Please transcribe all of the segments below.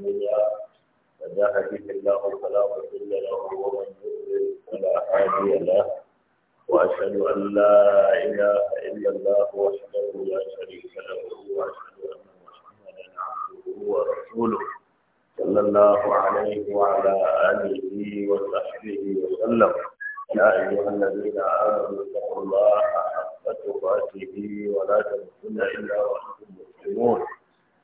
يضلل من يهده الله فلا مضل له ومن يضلل فلا هادي له واشهد ان لا اله الا الله وحده لا شريك له واشهد ان محمدا عبده ورسوله صلى الله عليه وعلى اله وصحبه وسلم يا ايها الذين امنوا اتقوا الله حق تقاته ولا تموتن الا وانتم مسلمون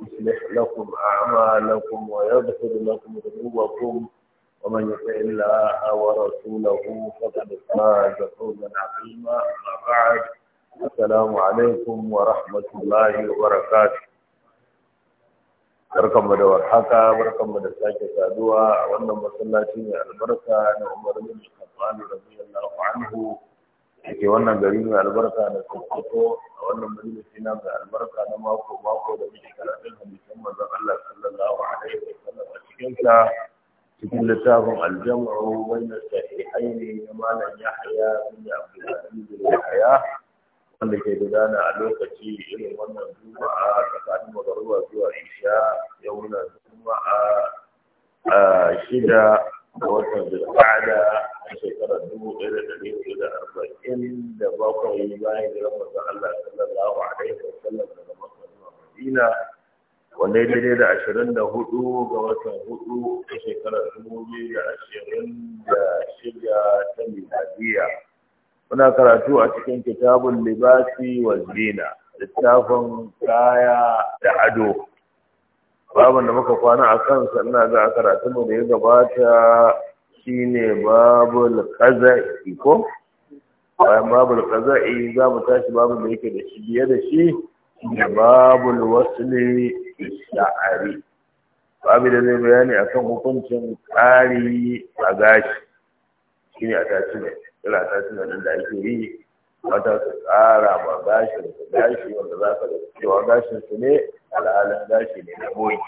يصلح لكم أعمالكم ويغفر لكم ذنوبكم ومن يطع الله ورسوله فقد فاز فوزا عظيما أما بعد السلام عليكم ورحمة الله وبركاته barkanmu da warhaka barkanmu da sake saduwa a wannan masallaci mai albarka na Umar bin Khattab radiyallahu anhu ake wannan gari mai albarka da sokoto a wannan majalisi na mai albarka na mako mako da muke karatun hadisan manzon Allah sallallahu alaihi wa sallam a cikin sa cikin littafin aljamu bayan aini na malam Yahya bin Abdul Aziz Yahya wanda ke gudana a lokaci irin wannan juma'a tsakanin magaruwa zuwa isha yau na juma'a shida da watan zulqa'ada a shekarar dubu ɗaya da ɗari hudu da arba'in da bakwai bayan jiran manzon Allah sallallahu alaihi wa sallam daga Makka zuwa Madina wanda ya daidai da ashirin da hudu ga watan hudu a shekarar dubu biyu da ashirin da shida ta miladiya muna karatu a cikin kitabun libasi wa zina littafin kaya da ado babin da muka kwana a kansa ina za a karatunmu da ya gabata shine babul ƙazai, ko bayan babul ƙazai za mu tashi babin da yake da shi biye da shi da babul ne sha'ari babu da zai bayani akan hukuncin ƙari a gashi ne a tashi ne a tashi ne da ake wata su ƙara ma gashin su gashi wanda za ka cewa gashin su ne al'adun gashi ne na boye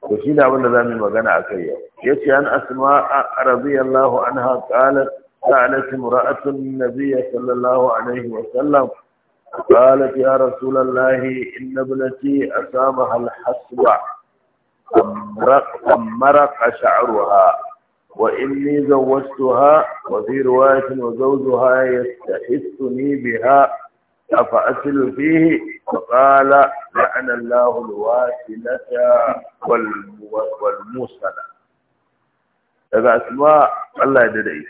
to shi ne abin da za mu yi magana a kai yau ya ce an asma radiyallahu anha qalat سألت امرأة النبي صلى الله عليه وسلم قالت يا رسول الله إن ابنتي أصابها الحسوة أمرق, أمرق شعرها وإني زوجتها وفي رواية وزوجها يستحسني بها أفأسل فيه فقال لعن الله الواسلة والموسلة هذا أسماء الله يدريك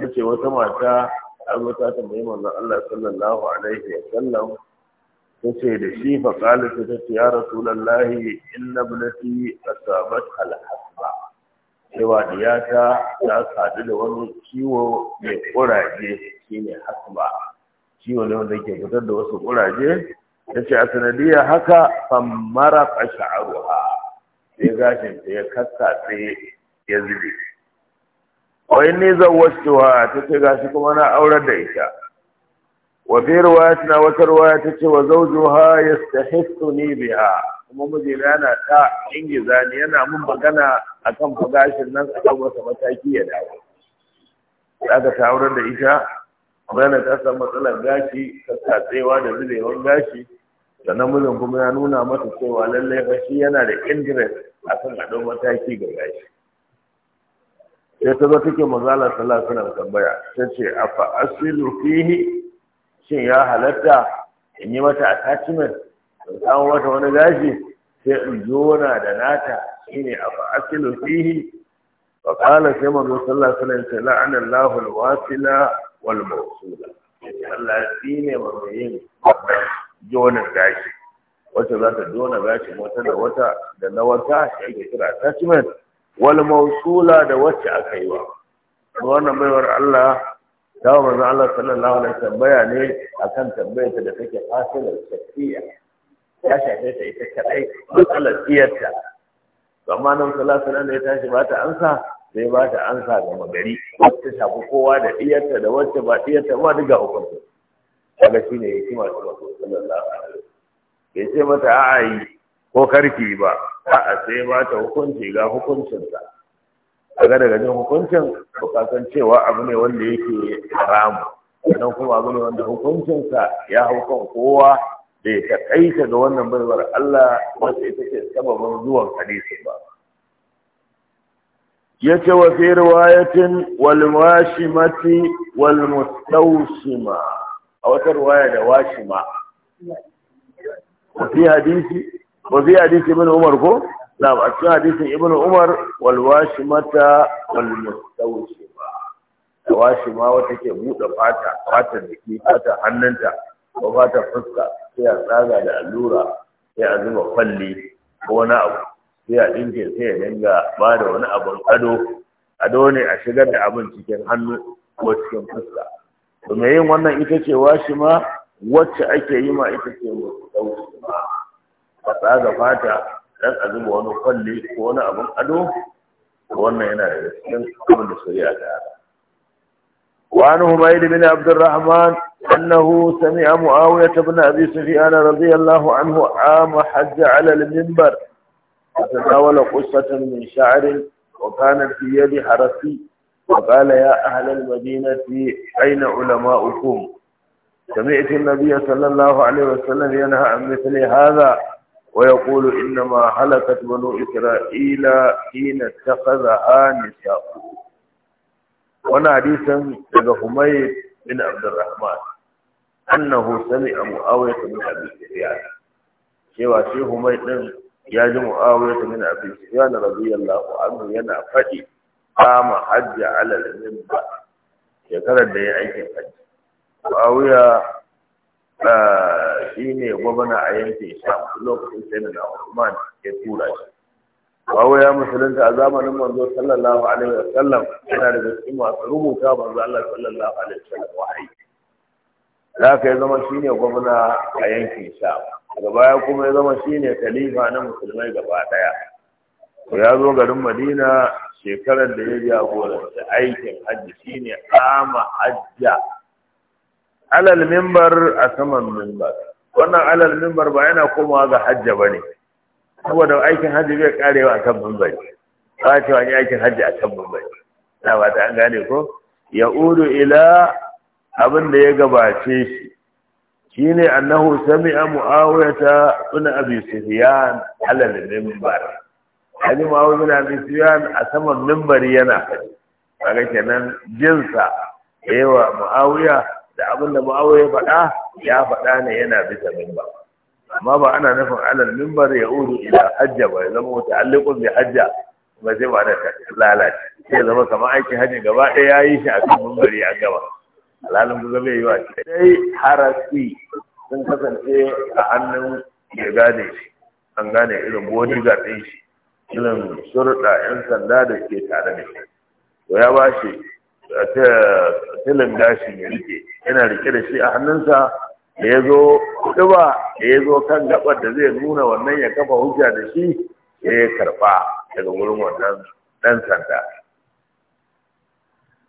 أنت وتمعك أبو تاتم إيمان الله صلى الله عليه وسلم تسهد شي فقالت يا رسول الله إن ابنتي أصابتها الحسبة cewa diyata ta sadu da wani ciwo mai ƙuraje shine hasba ciwo ne wanda ke fitar da wasu ƙuraje ta ce a sanadiyar haka fammara a ruwa. sai gashin ta ya kakkatse ya zube wai ne zan cewa ta ce gashi kuma na aurar da ita wa fi ruwaya tana wata ruwaya ta ce wa zaujuha ya stahistu ni biya kuma mijina yana ta ingiza ni yana mun magana a akan fagashin nan a kan mataki ya dawo za ka tawurar da ita bayan ta san matsalar gashi ta tsatsewa da zubewar gashi sannan mijin kuma ya nuna mata cewa lallai fa yana da interest a kan ɗau mataki ga gashi sai ta zo take mazalar sallah suna tambaya ta ce a asilu fihi shin ya halatta in yi mata attachment in kawo mata wani gashi sai in jona da nata shine a fa'asilu fihi fa qala sai manzo sallallahu alaihi wasallam la'ana Allahu al-wasila wal mawsula Allah shine mai yin jonin gashi wacce za ta jona gashin wata da wata da na wata shi ake kira attachment wal mawsula da wacce aka yi wa wannan baiwar Allah dawo manzo Allah sallallahu alaihi wasallam bayane akan tambayar da take fasilar shakkiya ya shafe ta ita kadai matsalar iyarta amma nan sallallahu alaihi ya tashi ba ta ansa sai ba ta ansa ga magari wacce shafi kowa da iyarta da wacce ba iyarta ba duka hukunta kaga shine hikima ta Rasul sallallahu alaihi bai ce mata a'a yi ko karki ba a'a sai ba ta hukunci ga hukuncinsa kaga daga jin hukuncin to ka san cewa abu ne wanda yake haramu sannan kuma abu ne wanda hukuncinsa ya hau kowa da ya taƙaita ga wannan baiwar Allah wata ita ce sababin zuwan hadisi ba. Ya ce wa fi riwayatin walwashimati walmustaushima a wata riwaya da washima. Wafi hadisi, wafi hadisi Ibn Umar ko? Na a cikin hadisin Ibn Umar walwashimata walmustaushima. Da washima wata ke buɗe fata, fatan jiki, fata hannunta, ko fata fuska, sai a tsaga da allura sai a zuba kwalli ko wani abu sai a ɗinke sai ya dinga ba da wani abun ado ado ne a shigar da abin cikin hannu ko cikin fuska to me yin wannan ita ce washi ma wacce ake yi ma ita ce wasu ma a tsaga fata dan a zuba wani kwalli ko wani abun ado wannan yana da cikin abin da shari'a ta وعن حميد بن عبد الرحمن أنه سمع معاوية بن أبي سفيان رضي الله عنه عام حج على المنبر فتناول قصة من شعر وكانت في يد حرسي وقال يا أهل المدينة أين علماؤكم سمعت النبي صلى الله عليه وسلم ينهى عن مثل هذا ويقول إنما هلكت بنو إسرائيل حين اتخذها نساؤه wani hadisin daga humayr bin abdurrahman annahu sami'a muawiya bin abi sufyan cewa shi humayr din ya ji muawiya bin abi sufyan radiyallahu anhu yana faɗi kama hajji ala min ba, shekarar da ya aiki hajji muawiya ah, shi ne gwamna a yankin sham lokacin sai na Usman ya tura shi wawo ya musulunta a zamanin manzo sallallahu alaihi wasallam yana da cikin masu rubuta manzo Allah sallallahu alaihi wasallam wahayi da ka ya zama shine gwamna a yankin sha daga baya kuma ya zama shine khalifa na musulmai gaba daya to ya zo garin Madina shekarar da ya da aikin hajji shine ama hajja alal mimbar a saman mimbar wannan alal mimbar ba yana komawa ga hajja bane saboda aikin hajji bai karewa a kan bambari ba cewa ni aikin hajji a kan bambari na ba ta an gane ko ya udu ila abin da ya gabace shi Shi ne annahu sami'a muawiyata ibn abi sufyan ala al-minbar hadi muawiya ibn abi sufyan a saman mimbari yana ba ga kenan jinsa yawa muawiya da abin da muawiya ya faɗa ya faɗa ne yana bisa mimbar amma ba ana nufin alal mimbar ya uru ila hajja ba ya zama muta'alliqun bi hajja ba sai ba da lalace sai zama kamar aikin hajji gaba ɗaya ya yi shi a kan mimbari a gaba alhalin ku zama yi wa shi dai harasi sun kasance a hannun ya gane shi an gane irin ga ɗin shi irin surɗa 'yan sanda da ke tare da shi to ya ba shi tilin gashi ya rike yana rike da shi a hannunsa da ya zo kuɗuba da ya zo kan gaɓar da zai nuna wannan ya kafa hujja da shi ya yi karɓa daga wurin wannan ɗan sanda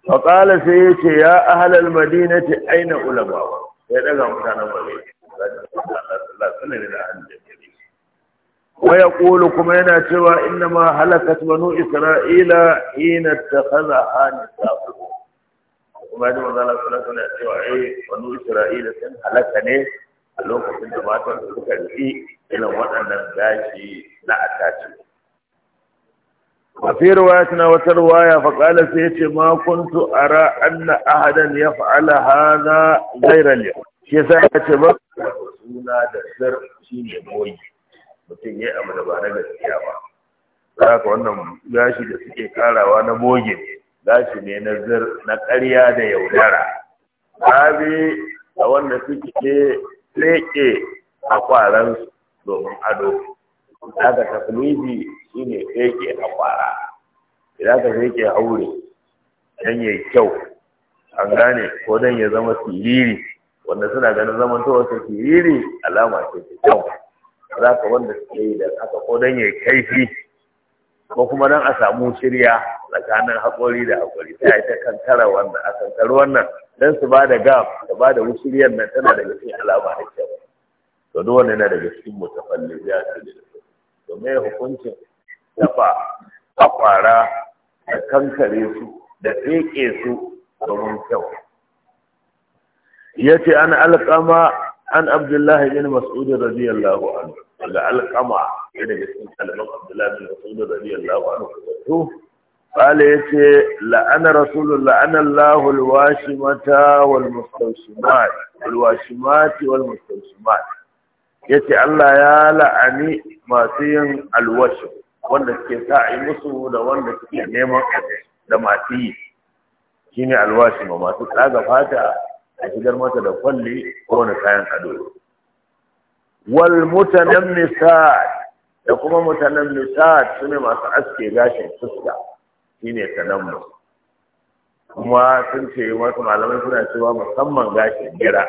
faƙala sai ya ce ya ahalar madina ce aina ulama sai ɗaga mutanen malai ya ƙulu kuma yana cewa inna ma halakat banu isra'ila ina ta kaza hannun kuma yadda manzo Allah sallallahu a wasallam cewa eh banu Isra'ila sun halaka ne a lokacin da matan su suka riki irin waɗannan gashi na ataci a fi riwayatina wata ruwa ya qala sai yace ma kuntu ara anna ahadan yaf'ala hadha ghayra al-yawm shi yasa yace ba suna da sir shine boyi mutum ya yi abu da ba na gaskiya ba za ka wannan gashi da suke karawa na boge ne zashi ne na zir na ƙarya da yaudara rabi da wanda suke leke a kwaran domin ado daga tafiliji shi ne leke a kwara idan ka leke aure don ya kyau an gane ko don ya zama siriri wanda suna ganin zaman ta wata siriri alama ce ta kyau za ka wanda suke yi da aka ko don ya kaifi ko kuma don a samu shirya tsakanin haƙori da haƙori sai a yi ta kankara wannan a kankara wannan don su ba da gab da ba da wushiriyar nan tana daga cikin alama da kyau to duk wannan yana daga cikin mutafalli ya ce da to me hukuncin dafa akwara da kankare su da tsike su domin kyau Ya ce an alƙama an abdullahi bin mas'ud radiyallahu anhu daga alƙama. Yana da cikin ɗaliban Abdullahi bin Mas'ud radiyallahu anhu Bala ya ce la'ana rasulun la'ana Allahu mata wal mustawshimat alwashimat wal mustawshimat yace Allah ya la'ani masu yin alwashim wanda suke sa yi musu da wanda suke neman da masu yi shine ma masu tsaga fata a shigar mata da kwalli ko wani kayan ado wal mutanammisat da kuma mutanen nisa su ne masu aske gashin fuska shi ne tanammu kuma sun ce wasu malamai suna cewa musamman gashin gira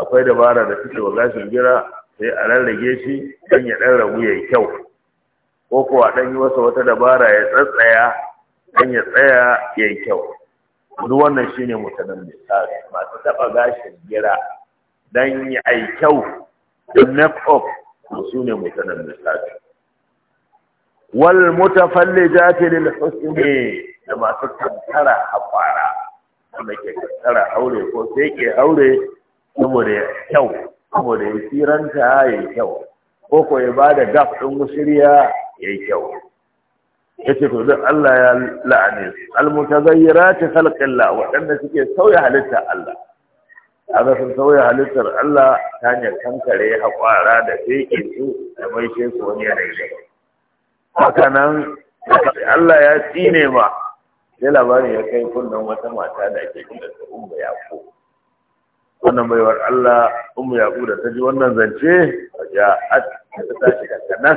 akwai dabara da suke wa gashin gira sai a rarrage shi don ya ɗan ragu ya yi kyau ko kuwa ɗan yi wasa wata dabara ya tsatsaya don ya tsaya ya yi kyau wani wannan shine mutanen nisa masu taɓa gashin gira don ya yi kyau da make su ne mutanen misali wal mutafallijati lil husni da masu kankara haƙwara wanda ke kankara aure ko sai ke aure saboda ya kyau saboda ya siranta ya kyau ko ko ya bada gaf ɗin mushiriya ya kyau ya ce to duk Allah ya la'ani al mutazayyirati khalqillah waɗanda suke sauya halitta Allah kaga sun sauya halittar Allah ta hanyar kankare haƙwara da fekin su da mai su wani ya daidai. haka nan Allah ya tsine ma sai labarin ya kai kunnan wata mata da ake kira ta ya yaƙo wannan baiwar Allah ya yaƙo da ta ji wannan zance a a ta tashi daga nan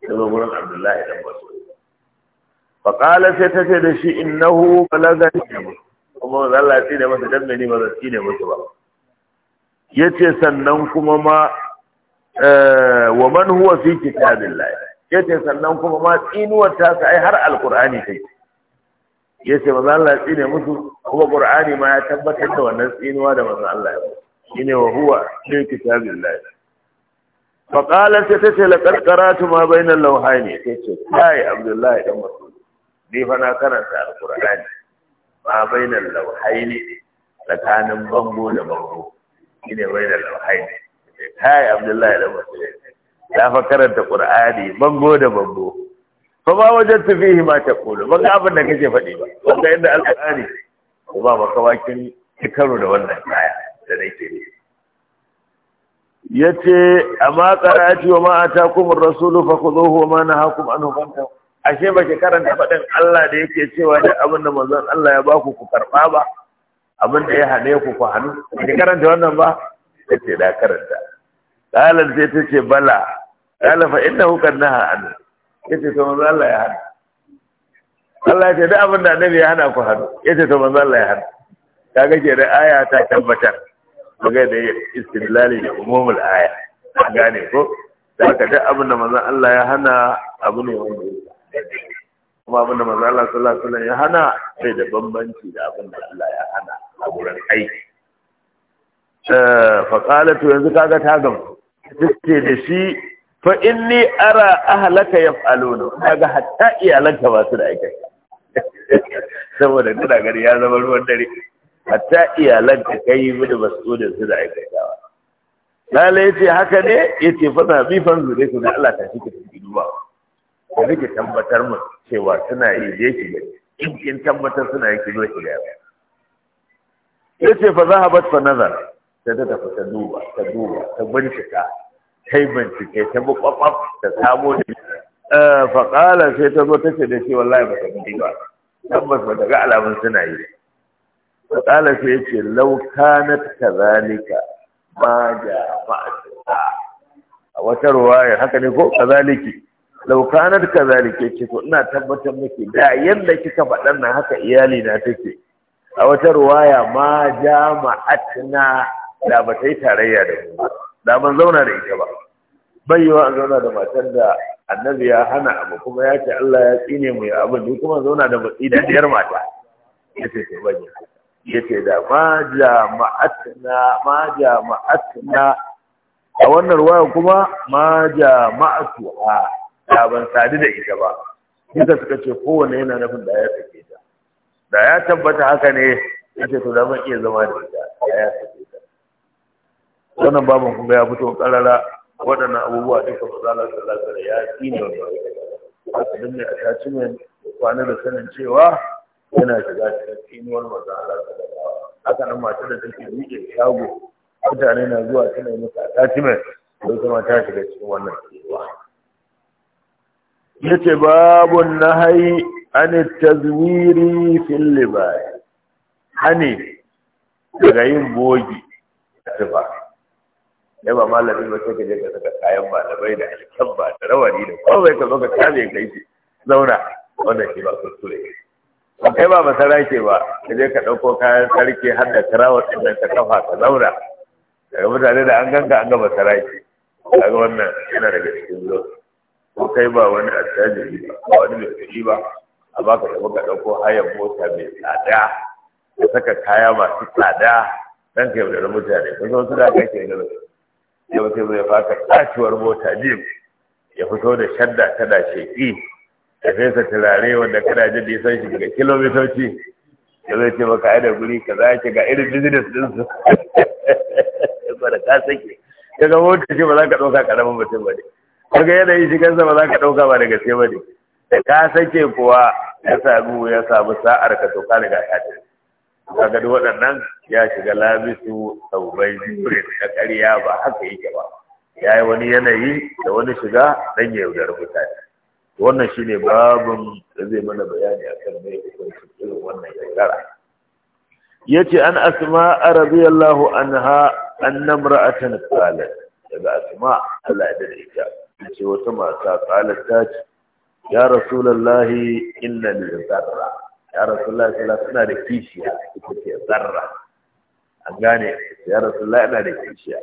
ta zo wurin Abdullahi dan Mas'ud Baƙala sai ta ce da shi innahu ba. kuma wanda Allah ya ne masa dan mene ba shi ne musu ba ya ce sannan kuma ma eh, wa man huwa fi kitabillah ya ce sannan kuma ma tsinuwar ta sa ai har alqur'ani kai ya ce manzo Allah ya ne musu kuma qur'ani ma ya tabbatar da wannan tsinuwa da manzo Allah ya shine wa huwa fi kitabillah faƙalar ta tace la karkaratu ma bainan ne. ta ce yi abdullahi dan masu ni fa na karanta alqur'ani ma bainal lauhaini ne tsakanin bango da bango shine bainal lauhaini kai abdullahi da musulmi ya fa karanta qur'ani bango da bango fa ba wajen fihi ma taqulu ba ban abin da kake faɗi ba wanda inda alqur'ani ba ba kawakin karo da wannan kaya da nake ne yace amma qara'ati wa ma atakum ar-rasulu fakhudhuhu wa ma nahakum anhu fantahu ashe ba ke karanta faɗin Allah da yake cewa da abin da manzon Allah ya baku ku karɓa ba abin da ya hane ku ku hannu ki karanta wannan ba ce da karanta qalan sai ta ce bala qala fa innahu na naha an ce to manzon Allah ya hannu. Allah ya ce da abin da annabi ya hana ku hannu Ya ce to manzon Allah ya hannu. kaga ke da aya ta tabbatar kaga da istidlali da umumul aya gane ko da ka da abin da manzon Allah ya hana abu ne wanda kuma abin da Allah sallallahu alaihi ya hana sai da bambanci da abin da Allah ya hana a wurin aiki eh, Fakala to yanzu kaga ta gama, take da shi fa inni ara ahlaka yaf'aluna kaga hatta iyalanka ba su da aiki saboda kuna gari ya zama ruwan dare hatta iyalanka kai yi mini ba su da aikatawa lalai ce haka ne ya ce na bi fanzu dai kuma Allah ta shi ka rike tabbatar mu cewa suna yi je ki gani in kin tabbatar suna yi ki zo ki gaya yace fa zahabat fa nazar sai ta tafi ta duba ta duba ta bincika ta yi bincike ta bi kwakwaf ta samo da eh, fa kala sai ta zo ta ce da shi wallahi ba ta gani ba tabbas ba ta ga alamun suna yi fa kala sai yace law kanat kadhalika ma ja ba a wata ruwaya haka ne ko kazaliki laukanar ka zalike ce ko ina tabbatar miki da yadda kika faɗan nan haka iyali na take a wata ruwaya ma jama'atna da ba ta yi tarayya da mu ba da ban zauna da ita ba bai an zauna da matar da annabi ya hana abu kuma ya ce Allah ya tsine mu ya abin duk kuma zauna da batsi da diyar mata ya ce ta bane ya ce da ma jama'atna ma jama'atna a wannan ruwaya kuma ma jama'atuha da ban sadu da ita ba duka suka ce kowane yana nufin da ya sake ta da ya tabbata haka ne yace to da ban iya zama da ita da ya sake ta wannan baban kuma ya fito karara waɗannan abubuwa duka ba za su lalata ya tsine wannan haka duk mai attachment kwana da sanin cewa yana shiga cikin tsinuwar maza da sallallahu haka nan mace da take miƙe shago mutane na zuwa tana yi masa attachment sai kuma ta shiga cikin wannan tsinuwa yace na nahyi an tazwiri fil libas hani daga yin bogi ba ya ba malamin ba sai ka je ka saka kayan malamai da bai da rawani da bai ka zo ka kame kai shi zauna wannan shi ba kuskure ba kai ba masara ke ba ka je ka ɗauko kayan sarki har da karawar ɗin ta ka kafa ka zauna daga mutane da an ganka an ga masara ke kaga wannan yana daga cikin zuwa ko kai ba wani attajiri ba ba wani mai kuɗi ba a baka da baka ɗauko hayan mota mai tsada ka saka kaya masu tsada dan ka yaudara mutane ko so su da kai ke gaba yau sai zai ka tsaciwar mota jim ya fito da shadda tana sheƙi ya fesa turare wanda kana jin da san shi daga kilomitoci da zai ce maka aida guri ka za ki ga irin business din su ba da ka sake ga mota ce ba za ka ɗauka ƙaramin mutum ba ne kaga yanayin shigansa ba za ka ɗauka ba daga gaske ne da ka sake kuwa ya samu ya sa'ar ka to ka riga a kaga waɗannan ya shiga labisu saurai jure na ƙarya ba haka yake ba ya yi wani yanayi da wani shiga dan ya rubuta mutane wannan shine babin da zai mana bayani akan mai hukuncin irin wannan Ya ce an asma radiyallahu anha annamra'atan qalat daga asma Allah ya dade ita ta ce wata mata ƙalar ta ce ya rasulallahi inna da zarra ya rasulallahi sallallahu suna da kishiya ita ce zarra an gane ya rasulallahi ina da kishiya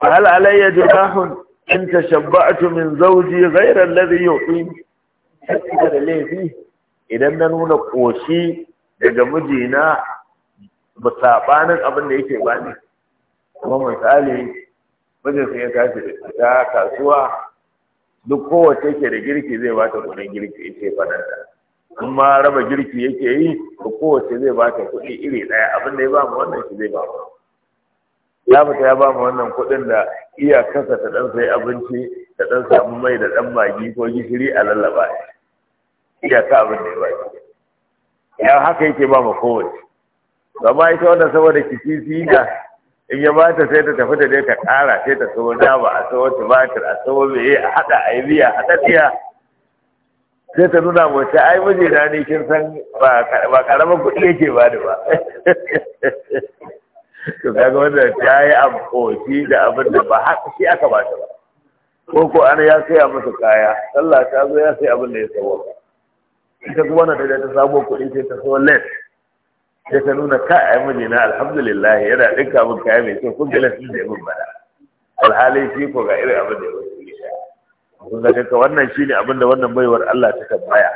fa hal alayya hun in tashabba'tu min zairar ghayra yau yu'ini ina da laifi idan na nuna ƙoshi daga mijina ba saɓanin abin da yake bani kuma misali mijin sai ya tashi da kasuwa duk kowace ke da girki zai ba ta kudin girki ya ce fadanta in ma raba girki yake yi to kowace zai ba ta kuɗi iri daya abin da ya ba mu wannan shi zai ba mu ya fita ya ba mu wannan kuɗin da iya kasa ta ɗan sai abinci ta ɗan samu mai da ɗan magi ko gishiri a lallaba iya ka abin da ya ba ya haka yake ba mu kowace gama ita wannan saboda kisisi da in ya bata sai ta tafi da dai ta kara sai ta na nama a ta tumatir a sawo meye a hada a yi miya haɗaɗɗiya sai ta nuna mace ai miji na ne kin san ba karamin kuɗi yake ba da ba to kaga wanda ta yi amfoci da abin da ba haka shi aka ba ta ba ko ko ana ya saya musu kaya sallah ta zo ya sai abin da ya sawo ita kuma na da ta samu kuɗi sai ta so less sai ta nuna ka a yi mijina alhamdulillah yana ɗinka mun kaya mai kyau kun gala sun da mun bada alhali shi ko ga irin abin da ya wuce sha kun ga kanka wannan ne abin da wannan baiwar Allah ta tambaya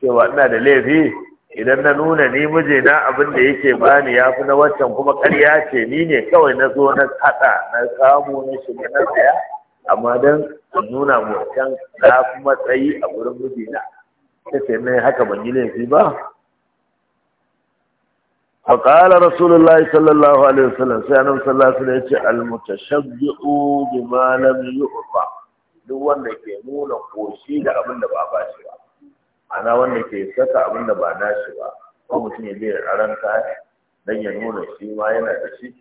cewa ina da laifi idan na nuna ni mijina abin da yake bani ya fi na waccan kuma ƙarya ce ni ne kawai na zo na haɗa na samu na shiga na tsaya amma dan nuna mu can na fi matsayi a wurin mijina ta ce haka ban yi laifi ba فقال رسول الله صلى الله عليه وسلم سيانا صلى الله عليه وسلم المتشبع بما لم يعطى duk wanda ke nuna koshi da abin da ba ba shi ba ana wanda ke saka abin da ba na shi ba ko mutum ya bai aran kaya dan ya nuna shi ma yana da shi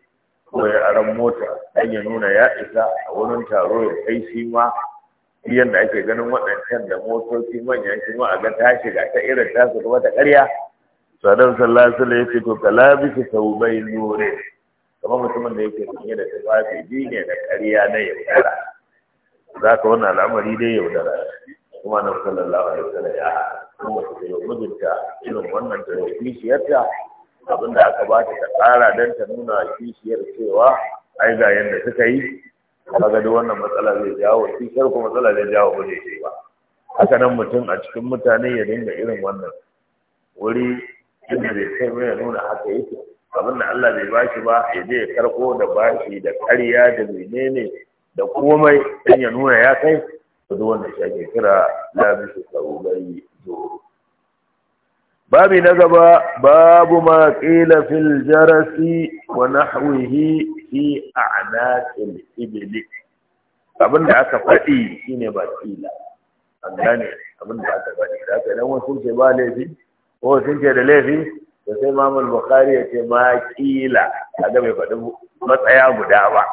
ko ya aran mota dan ya nuna ya isa a wurin taro ya kai shi ma yadda ake ganin waɗancan da motoci manyan shi ma a ga ta ta irin tasu kuma ta ƙarya sadan sallallahu alaihi ya ce to kalabisa saubai nure kamar mutumin da yake sanye da tufafi biyu ne da kariya na yaudara za ka wannan al'amari dai yaudara kuma na sallallahu alaihi wasallam ya kuma su yi mijinta irin wannan da kishiyarta abin da aka bata ta tsara don ta nuna kishiyar cewa ai ga yadda suka yi ga duk wannan matsala zai jawo kar ko matsala zai jawo ba zai ba haka nan mutum a cikin mutane ya dinga irin wannan wuri inda bai kai mai nuna haka yake abin da Allah bai shi ba ya je ya karɓo da bashi da ƙarya da menene da komai dan ya nuna ya kai to duk wanda shi ake kira labisu saurai zoro babi na gaba babu ma qila fil jarasi wa nahwihi fi a'naqil ibli abin da aka faɗi shine ba qila an gane abin da aka faɗi da aka dan wasu ce ba laifi ko sun ce da laifi da sai mamul bukari ya ce ma kila da bai faɗi matsaya guda ba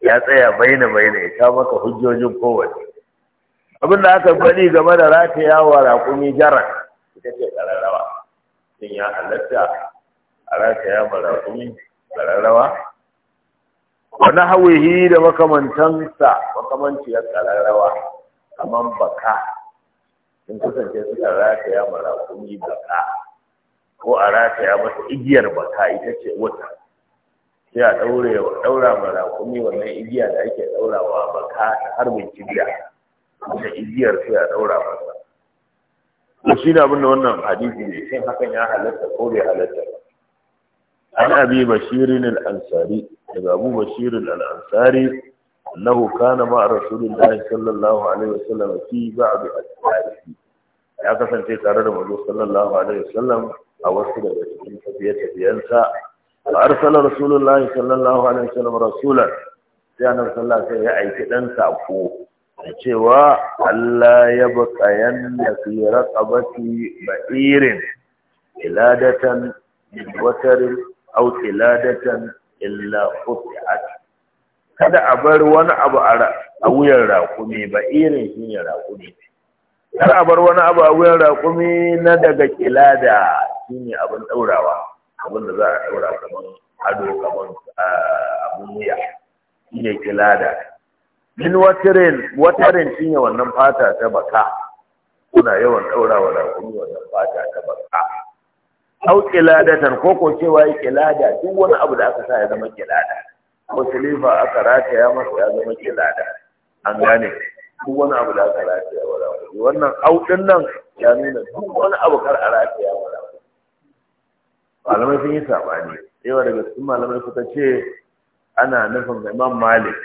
ya tsaya baina baina ya kawo maka hujjojin kowace abin da aka faɗi game da rataya wa raƙumi jaran ita ce ƙararrawa sun ya halatta a rataya ma raƙumi ƙararrawa wani hawihi da makamantansa makamanciyar ƙararrawa kamar baka sun kasance suka rataya marakuni raƙumi baka ko a rataya masa igiyar baka ita ce wata sai a ɗaure wa ɗaura wannan igiya da ake ɗaurawa baka ta harbin kibiya da igiyar sai a ɗaura masa to shi da abinda wannan hadisi ne sai hakan ya halatta ko bai halatta an abi bashirin al-ansari daga abu bashirin al-ansari أنه كان مع رسول الله صلى الله عليه وسلم في بعض أسفاره ya kasance tare da mazo sallallahu alaihi wasallam a wasu daga cikin tafiye-tafiyensa fa arsala rasulullahi sallallahu alaihi wasallam rasulan sai annabi sallah sai ya aiki dan sako cewa Allah ya baka baqayanna fi raqabati ba'irin iladatan min watarin aw iladatan illa quti'at kada a bar wani abu a wuyan raƙumi ba irin shi ne raƙumi kar a bar wani abu a wuyan raƙumi na daga da shi ne abin ɗaurawa abin da za a ɗaura kamar ado kamar abin wuya shi ne da min watarin shi ne wannan fata ta baka kuna yawan ɗaurawa raƙumi wannan fata ta baka au kiladatan ko ko cewa ya kilada duk wani abu da aka sa ya zama kilada ko silifa aka rataya masa ya zama kilada an gane duk wani abu da aka rataya wa rafi wannan audin nan ya nuna duk wani abu kar a rataya wa rafi malamai sun yi sabani yawa daga cikin malamai suka ce ana nufin imam malik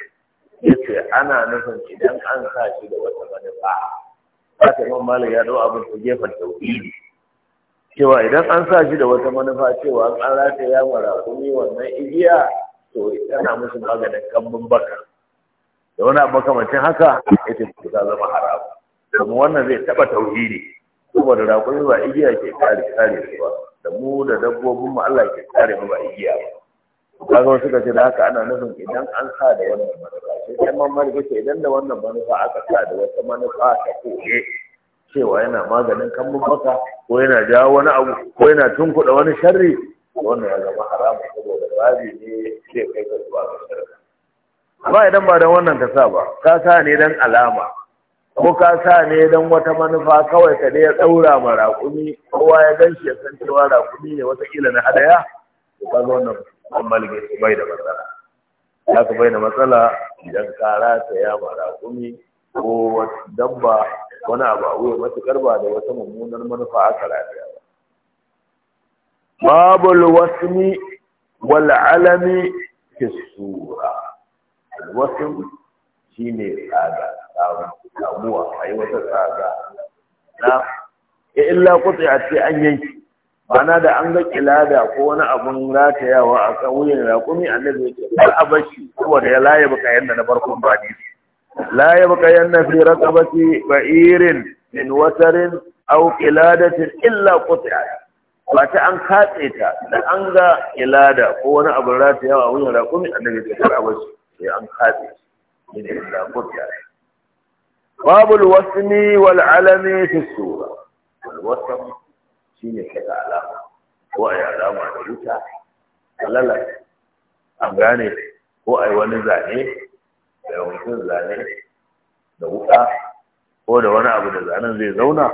yace ana nufin idan an sa shi da wata manufa ba ta imam malik ya dau abin su gefen tauhidi cewa idan an sa shi da wata manufa cewa an rataya wa rafi wannan igiya to tana musu maganin kambun baka da wani abu makamacin haka ya ce ku ta zama haram kuma wannan zai taɓa tauhidi saboda raƙumi ba igiya ke kare kare su ba da mu da dabbobin mu Allah ke kare mu ba igiya ba kaga wasu suka ce da haka ana nufin idan an sa da wannan manufa sai kuma man mari ce idan da wannan manufa aka sa da wata manufa ta koye cewa yana maganin kammun baka ko yana jawo wani abu ko yana tunkuɗa wani sharri wannan ya zama haramun saboda babi ne zai kai ka zuwa ga sharri amma idan ba don wannan ka sa ba ka sa ne don alama ko ka sa ne don wata manufa kawai ka ne ya daura ma raƙumi kowa ya gan shi ya san cewa raƙumi ne wataƙila na hadaya ka zo nan an malge su bai da matsala ya ka bai da matsala idan ka rataya ma raƙumi ko wata dabba wani abu a wuya matuƙar ba da wata mummunar manufa aka rataya ba babul wasmi wal alami fi sura alwasin shi ne tsaga samuwa a yi wata tsaga na ya illa kutse a ce an yanki mana da an ga kilada ko wani abun ratayawa a kan wuyan raƙumi annabi ya ce kar a bashi saboda ya laye baka yanda na farkon ba ne laye baka yanda fi ba irin min wasarin aw qiladatin illa qut'a ba ta an katse ta da an ga kilada ko wani abu rata yawa wuyan raƙumi annabi ta kar a shi. sai an kaɗe shi illa labud ya shi babul wasmi wal alami fi sura wal wasm shine kaga alama ko ai alama da wuta alala an gane ko ai wani zane da wani zane da wuta ko da wani abu da zanen zai zauna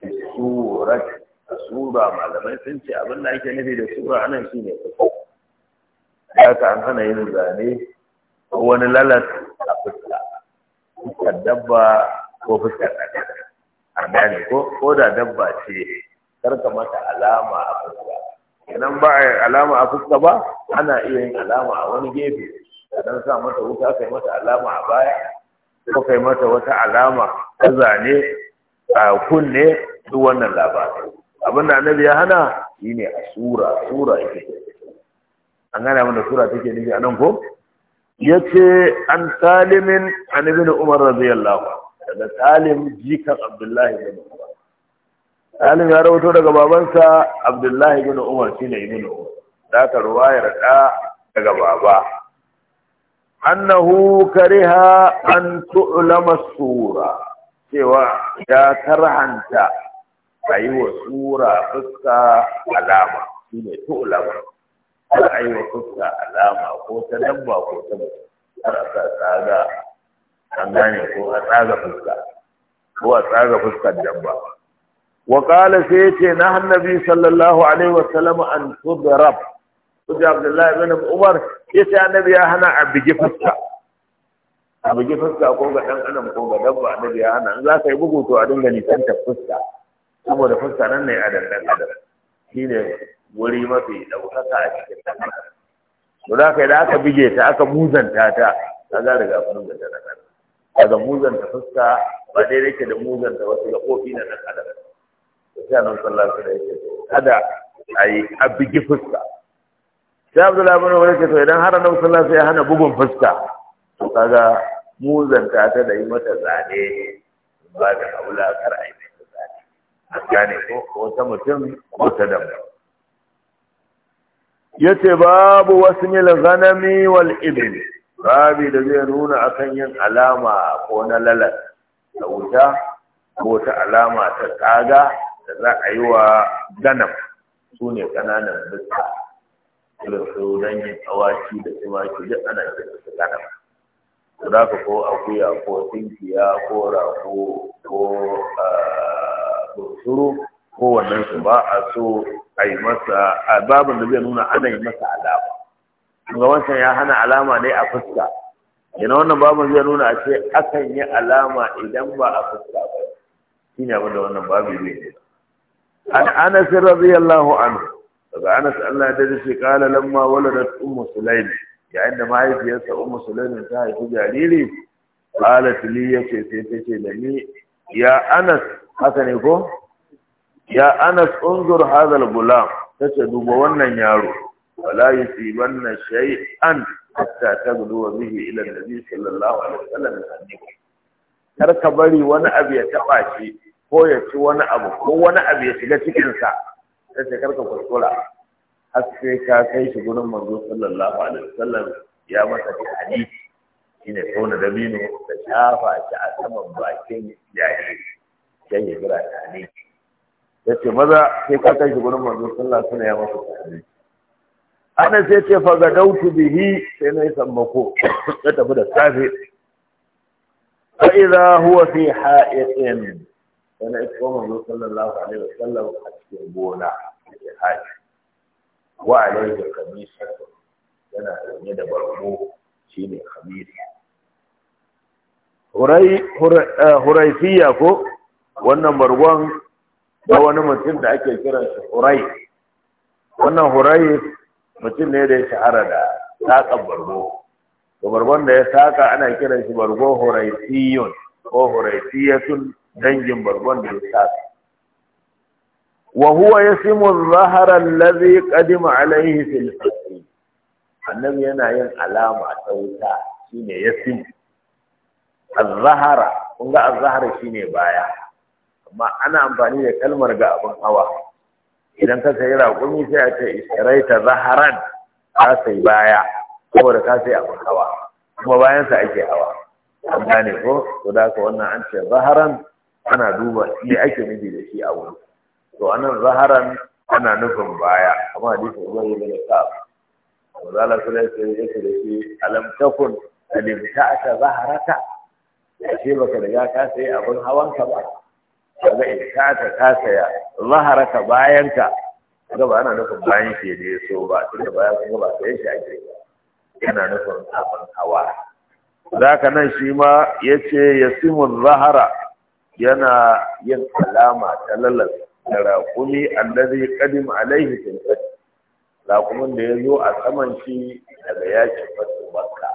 fi sura sura malamai sun ce abin da ake nufi da sura anan shine Ya ka an hana yin zane ko wani lalas a fuska fuskar dabba ko fuskar ɗan a gane ko ko da dabba ce karka mata alama a fuska idan ba a alama a fuska ba ana iya yin alama a wani gefe dan sa mata wuta kai mata alama a baya ko kai mata wata alama ta zane a kunne duk wannan labarin abin da annabi ya hana shine a sura sura yake an gane mana sura take nufi a nan ko yace an talimin an ibn umar radiyallahu daga talim jikan abdullahi ibn umar talim ya rawato daga babansa abdullahi ibn umar shine ibn umar da ka ruwayar da daga baba annahu kariha an tu'lama sura cewa ya karhanta ayi wa sura fuska alama shine tu'lama har a yi wa fuska alama ko ta dabba ko ta mutum har a tsaga an gane ko a tsaga fuska ko a tsaga fuskar dabba wa kala sai ce na hannabi sallallahu alaihi wasallam an tudrab Kuji Abdullahi bin Umar yace annabi ya hana a bigi fuska a bigi fuska ko ga dan adam ko ga dabba annabi ya hana in za ka yi bugu to a dinga nisan ta fuska saboda fuska nan ne a dandan adam shine wuri mafi ɗaukaka a cikin ɗan to za ka yi da aka bige ta aka muzanta ta ta za daga muzanta ɗan adam daga muzanta fuska ba dai yake da muzanta wasu ƙofi na ɗan adam a nan sallar su da yake kada a yi a bigi fuska sai abdullahi bin wani yake to idan har annabi sallallahu sai ya hana bugun fuska to kaga muzanta ta da yi mata zane ba da aula kar a yi gane ko wata mutum ko ta dabba yace babu wasu wasmil ganami wal ibil babu da zai nuna akan yin alama ko na lalat da wuta ko ta alama ta kaga da za a yi wa ganam su ne kananan bisa irin su dangin awaki da tumaki duk ana da su ganam za ko akuya ko tinkiya ko rako ko ah, so shuru wannan su ba a so a yi masa a babin da zai nuna ana yi masa alama ga wancan ya hana alama ne a fuska yana wannan babin zai nuna a ce akan yi alama idan ba a fuska ba shi ne abinda wannan babin zai ne an anas radiyallahu anhu daga anas Allah ya dace shi kala lamma waladat ummu sulaim yayin da mahaifiyarsa ummu sulaim ta haifi jariri qalat li yace sai ta ce da ni ya anas haka ne ko ya anas unzur hadha gulam ta tace duba wannan yaro wala yusibanna ta hatta tagdu bihi ilan da nabi sallallahu alaihi wasallam kar ka bari wani abu ya taɓa shi ko ya ci wani abu ko wani abu ya shiga cikin sa tace kar ka kuskura har sai ka kai shi gurin manzo sallallahu alaihi sallam. ya masa hadisi shine tona dabino da shafa shi a saman bakin jariri dan ya jira ne ya ce maza sai ka kai shi gurin manzo sallah suna ya masa tare ana sai ce fa dautu bihi sai na yi sammako ya tafi da safe fa idza huwa fi ha'iqin sai na isko manzo sallallahu alaihi wasallam a cikin gona da haji wa alaihi kamisa yana sanye da barko shine kamisa eh, huraifiya ko wannan bargon na wani mutum da ake kiran shi hurai wannan hurai mutum ne da ya shahara da saƙan bargo to bargon da ya saƙa ana kiran shi bargo huraisiyun ko sun dangin bargon da ya saka wa huwa yasimu dhahara alladhi qadima alayhi fil fasli annabi yana yin alama ta wuta shine yasimu az zahara, kun ga az-zahara shine baya amma ana amfani da kalmar ga abin hawa idan ka sayi raƙumi sai a ce ta zaharan ka sai baya saboda ka sai abin hawa kuma bayansa ake hawa an gane ko to da ka wannan an ce zaharan ana duba me ake nufi da shi a wuri to anan zaharan ana nufin baya amma hadisin ruwan yi mana ta abu zala sulai sai yake da shi alam takun alim ta zaharata ashe baka riga ka sai abin hawan ka ba kaga ishata ka saya zaharaka bayanka kaga ba ana nufin bayan shi ne so ba tunda bayan kuma ba sai shi ake yana nufin abin hawa zaka nan shi ma yace yasimun zahara yana yin alama ta lalas da raƙumi allazi qadim alaihi fil fath raƙumin da ya zo a saman shi daga yaki fatu makka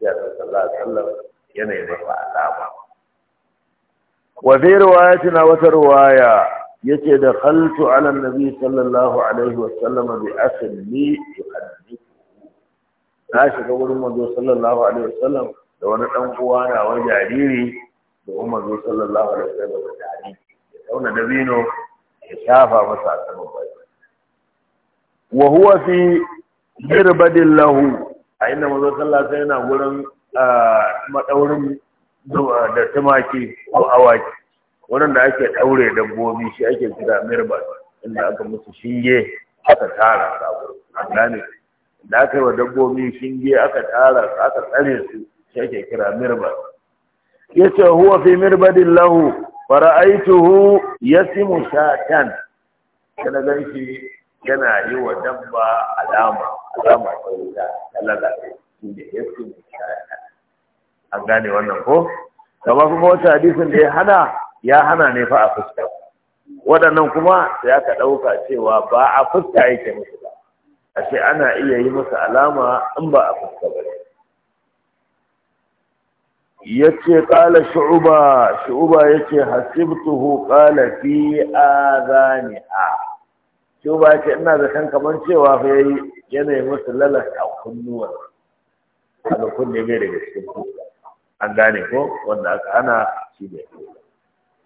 ya sallallahu alaihi wasallam yana yin masa alama wa fi riwayatina wata riwaya yace da khaltu ala nabi sallallahu alaihi wa sallam bi asli na shiga wurin manzo sallallahu alaihi wa sallam da wani dan uwa na wani jariri da umar zo sallallahu alaihi wa sallam da jariri kauna dabino ya shafa masa a saman bai wa huwa fi mirbadin lahu a inda manzo sallallahu alaihi wa sallam yana wurin ah, madaurin da tumaki ko awaki wurin da ake ɗaure dabbobi shi ake kira mirba inda aka musu shinge aka tara su a gane da aka yi wa dabbobi shinge aka tara su aka tsare su shi ake kira mirba ya ce huwa fi mirbadin lahu fara'aituhu yasimu shatan kana gan shi yana yi wa dabba alama alama ta wuta ta lalace shi ne yasimu shatan an gane wannan ko kamar kuma wata hadisin da ya hana ya hana ne fa a fuska waɗannan kuma sai aka ɗauka cewa ba a fuska yake musu ba a ce ana iya yi musu alama in ba a fuska ba ya ce ƙala shu'uba shu'uba ya ce hasibtuhu ƙala fi azani a shu'uba ya ce ina da kan kamar cewa fa yayi yanayin musu lalata kunnuwa a kunne mai daga cikin fuska an gane ko wanda aka ana shi ne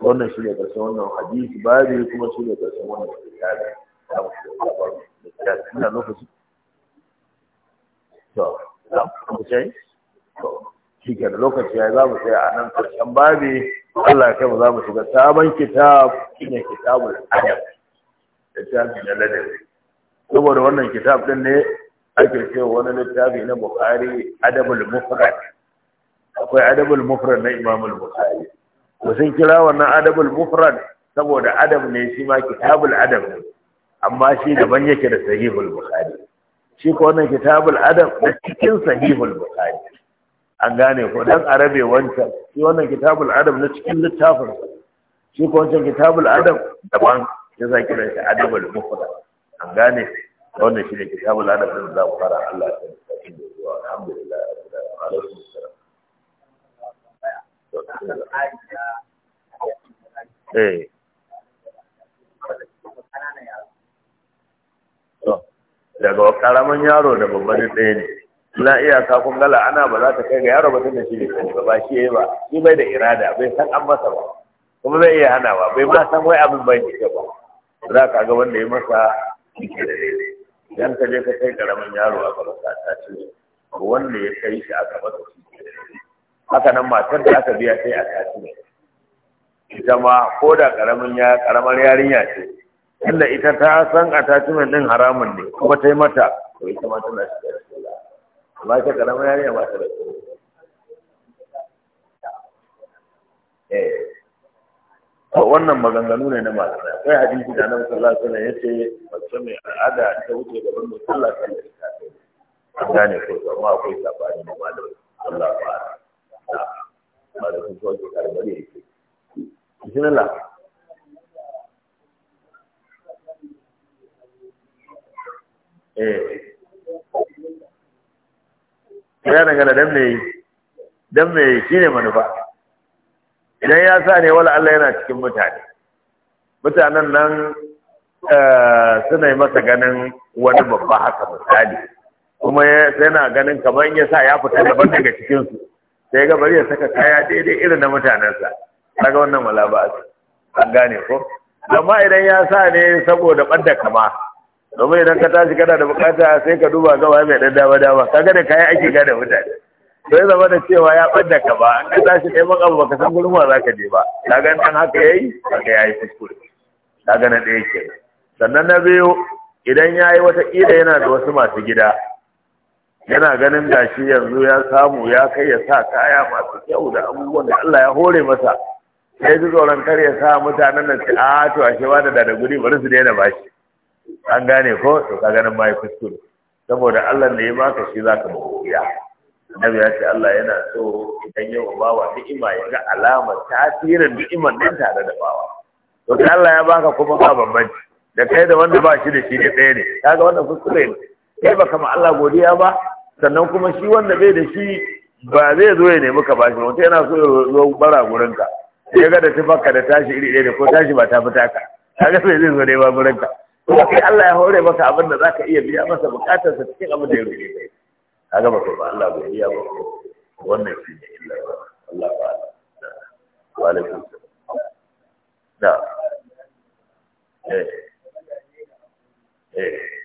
wannan shi ne karshen wannan hadisi babu kuma shi ne karshen wannan kitabi da mu da ina lokaci to da mu sai to shi ke lokaci ya za mu sai a nan karshen babi. Allah kai mu za mu shiga sabon kitab ne kitabul adab da tafi na ladabi saboda wannan kitab din ne ake cewa wani littafi na Bukhari adabul mufrad akwai adabul mufrad na Imam al-Bukhari to sun kira wannan adabul mufrad saboda adab ne shi ma kitabul adab ne amma shi daban yake da sahihul bukhari shi ko wannan kitabul adab da cikin sahihul bukhari an gane ko dan arabe wancan shi wannan kitabul adab na cikin littafin shi ko wancan kitabul adab daban ya za kira shi adabul mufrad an gane wannan shi ne kitabul adab da za mu fara Allah ya tsare alhamdulillah alaikum Eh. daga karamin yaro da babban ɗaya ne na iyaka kun gala ana ba za ta kai ga yaro ba tunda shi ne ba ba shi ba shi bai da irada bai san an masa ba kuma bai iya hana ba bai ma san wai abin bai da ba za ka ga wanda ya masa yake da daidai idan ka je ka kai karamin yaro a barasa ta ce wanda ya kai shi aka masa shi haka nan matar da aka biya sai a tashi ita ma ko da karamin ya karamar yarinya ce inda ita ta san a mai din haramun ne kuma ta yi mata to ita ma tana shiga da sallah amma ita karamar yarinya ba ta da ba. Eh. to wannan maganganu ne na malamai akwai hadisi da Annabi sallallahu alaihi ya ce mace mai al'ada ta wuce gaban mai sallah kan ta gane ko amma akwai sabani da malamai Allah ba'ala ba da sun soke karbari da ke bismillah eh ya dangana dan me dan me shine manufa idan ya sa ne wala Allah yana cikin mutane mutanen nan eh, suna yi masa ganin wani babba haka misali kuma yana ganin kamar ya sa ya fita daban daga cikinsu sai ga bari ya saka kaya daidai irin na mutanensa ga wannan wala ba an gane ko amma idan ya sa ne saboda ɓadda kama domin idan ka tashi kana da bukata sai ka duba gawa mai dan dama dama kaga da kaya ake gane mutane sai zama da cewa ya ɓadda kama an ka tashi neman ba baka san gurin wa zaka je ba kaga dan haka yayi haka yayi kuskure kaga na ɗaya kenan sannan na biyu idan yayi wata ƙila yana da wasu masu gida yana ganin gashi yanzu ya samu ya kai ya sa kaya masu kyau da abubuwan da Allah ya hore masa sai ji tsoron kar ya sa mutanen nan ce a ah, to a shewa da da guri bari su daina bashi an gane ko to ka ganin mai kuskure saboda Allah ne ya baka shi zaka buya annabi ya ce Allah yana so idan ya wa ni'ima ya ga alamar tasirin ni'imar nan tare da bawa to Allah ya baka kuma ka bambanci da kai da wanda ba shi da shi ne ɗaya ne kaga wannan kuskure ne kai baka ma Allah godiya ba sannan kuma shi wanda bai da shi ba zai zo ya nemi ka bashi ba mutum yana so ya zo bara gurin ka ya ga da tufaka da tashi iri ɗaya da ko tashi ba ta fita ka kaga sai zai zo ne ba gurin ka kuma kai Allah ya hore maka abin da zaka iya biya masa bukatar sa cikin abin da ya roƙe kai kaga ba ba Allah bai iya ba wannan shi ne illa ba Allah ba wa salam da eh eh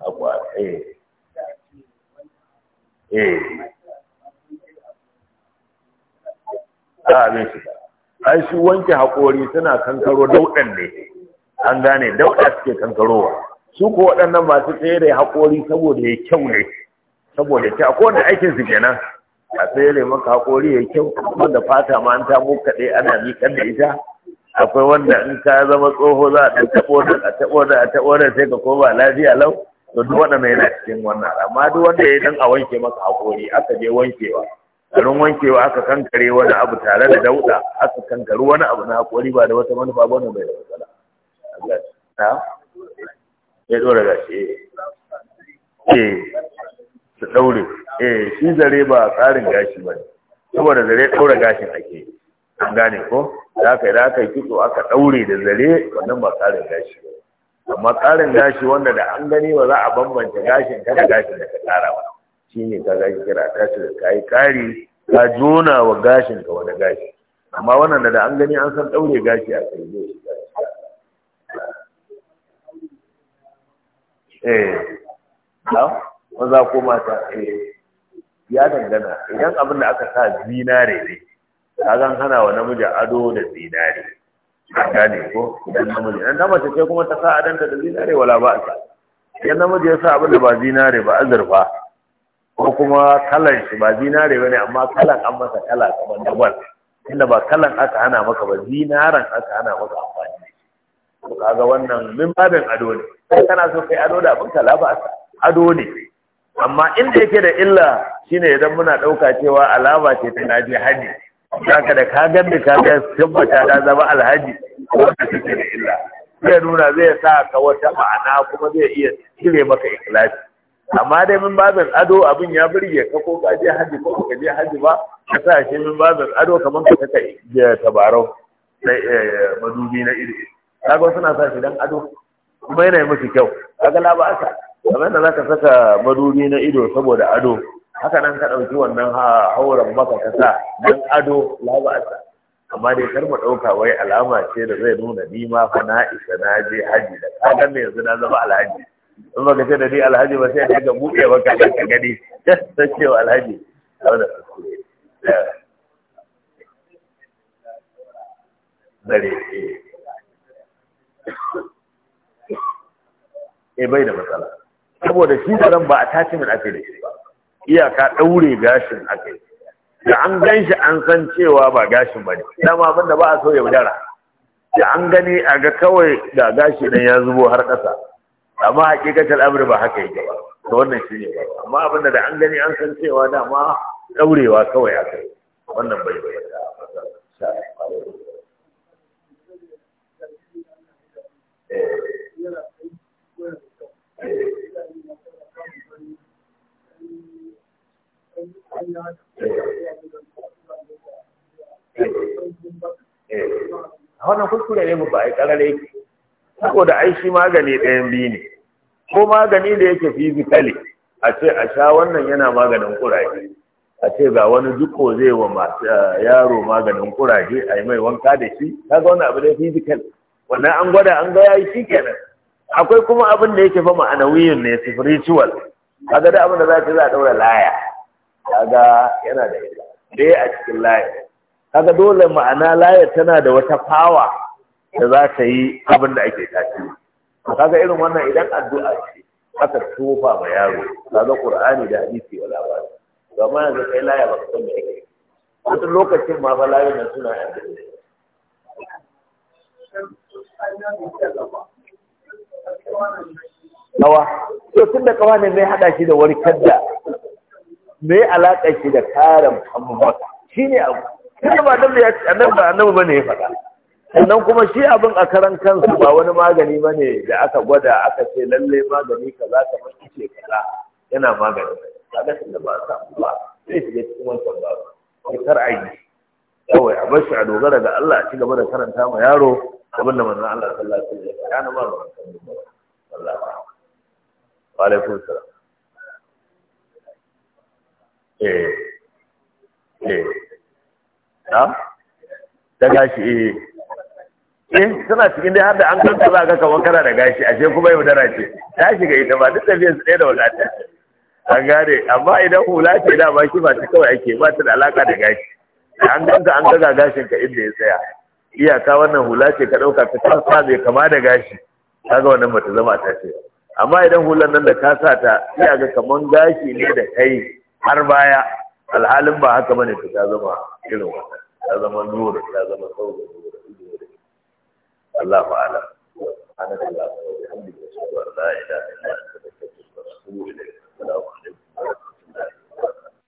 akwa eh eh a ah, abin shi ai shi wanke haƙori suna kankaro dauɗan ne an gane dauɗa suke kankarowa su ko waɗannan masu tsere haƙori saboda ya kyau ne saboda kyau ko da aikin su kenan a tsere maka haƙori ya kyau Kuma da fata ma an ta kaɗai ana miƙar da ita akwai wanda in ka zama tsoho za a ɗan taɓo da a taɓo da a taɓo da sai ka koma lafiya lau to duk waɗannan yana cikin wannan amma duk wanda ya dan a wanke maka hakori aka je wankewa garin wankewa aka kankare wani abu tare da dauda aka kankaru wani abu na hakori ba da wata manufa ba wannan bai da matsala Allah ta ya dora gashi eh, eh su daure eh shi zare ba tsarin gashi ba saboda zare daura gashin ake an gane ko da aka yi da aka yi kitso aka daure da zare wannan ba tsarin gashi ba amma tsarin gashi wanda da an gani ba za a bambanta gashin kada gashin da ka tsara ba shi ne ka gashi kira ta ce ka yi kari ka jona wa gashin ka wani gashi amma wannan da an gani an san daure gashi a kai ne eh ha maza ko mata eh ya dangana idan abin da aka sa zinare ne ka zan hana wa namijin ado da zinare gane ko idan namiji idan dama ce kuma ta sa adanta da zinare wala ba ta idan namiji ya sa abin da ba zinare ba azurfa ko kuma kalan shi ba zinare bane amma kalan an masa kala kamar daban inda ba kalan aka hana maka ba zinaran aka hana maka amfani to kaga wannan min babin ado ne kai kana so kai ado da abin kala ba ado ne amma inda yake da illa shine idan muna dauka cewa alama ce ta naji hadi kaka da ka ganni ka ga tabbata da zama alhaji wanda cike da illa zai nuna zai sa ka wata ma'ana kuma zai iya cire maka ikhlasi amma dai min babin ado abin ya burge ka ko ka je haji ko ka je haji ba ka sa shi min babin ado kamar ka saka tabarau na eh, madubi na iri kaga suna sa shi dan ado kuma yana yi musu kyau kaga la asa kamar da zaka saka madubi na ido saboda ado haka nan ka ɗauki wannan hauren maka kasa don ado labasa amma dai kar mu ɗauka wai alama ce da zai nuna ni ma fa na isa na je haji da ka ne yanzu na zama alhaji in ka ce da ni alhaji ba sai ka ga buɗe ba ka gani ta cewa alhaji wannan kuskure eh. dare e bai da matsala saboda shi da ba a tashi min ake da shi ba iyaka ɗaure gashin a kai da an gan shi an san cewa ba gashin ba ne dama abinda ba a so ya budara da an gani a ga kawai da gashi nan ya zubo har ƙasa amma hakikatar amur ba haka yake ba to wannan shi ne amma abinda da an gani an san cewa dama ɗaurewa kawai a kai wannan bai bai Eh. eh. a wannan kuskure ne ba a karare yake saboda ai shi magani ɗayan biyu ne ko magani da yake fizikali a ce a sha wannan yana maganin kuraje a ce ga wani duko zai wa eh, yaro maganin kuraje a yi mai wanka da shi ga wani abu da fizikal wannan an gwada an ga yayi shi kenan akwai kuma abin da yake fa ma'anawiyin ne spiritual kaga da abin da za ka za a daura laya kaga yana da illa dai a cikin layar kaga dole ma'ana layar tana da wata fawa da za ta yi abin da ake tafi kaga irin wannan idan addu'a ce aka tofa ma yaro kaga qur'ani da hadisi wala ba amma yanzu kai laya ba ka san me yake wata lokacin ma ba layar nan suna yanzu kawa to tun da kawa ne mai hada shi da warkar da me alaƙa shi da kare Muhammad shi ne abu shi ba annabi ya annabi ba annabi ne ya faɗa sannan kuma shi abin a karan kansu ba wani magani ne da aka gwada aka ce lallai magani ka za kaza kamar kice kaza yana magani kaga da ba sa ba zai shiga cikin wancan ba sai kar a yi kawai a bar shi a dogara ga Allah a ci gaba da karanta ma yaro abinda manzon Allah sallallahu alaihi wasallam ya faɗa na ba wannan wallahi wa alaikum salam eh eh ha da gashi eh eh tana cikin dai har da an kanta za ka kamar kana da gashi ashe kuma yau yaudara ce ta shiga ita ba duk tafiyar su ɗaya da wadata an gane amma idan hula ce da ba shi ba ta kawai ake ba ta da alaka da gashi an ganta an gaga gashin ka inda ya tsaya iyaka wannan hula ce ka ɗauka ka kasa mai kama da gashi kaga wannan bata zama ta ce amma idan hulan nan da ka sa ta iyaka kaman gashi ne da kai har baya alhalin ba haka bane ta zama irin wannan ta zama nuru ta zama sauƙi nuru Allah ma'ala أنا الله وبحمدك أشهد أن لا إله إلا أنت أستغفرك وأتوب إليك السلام عليكم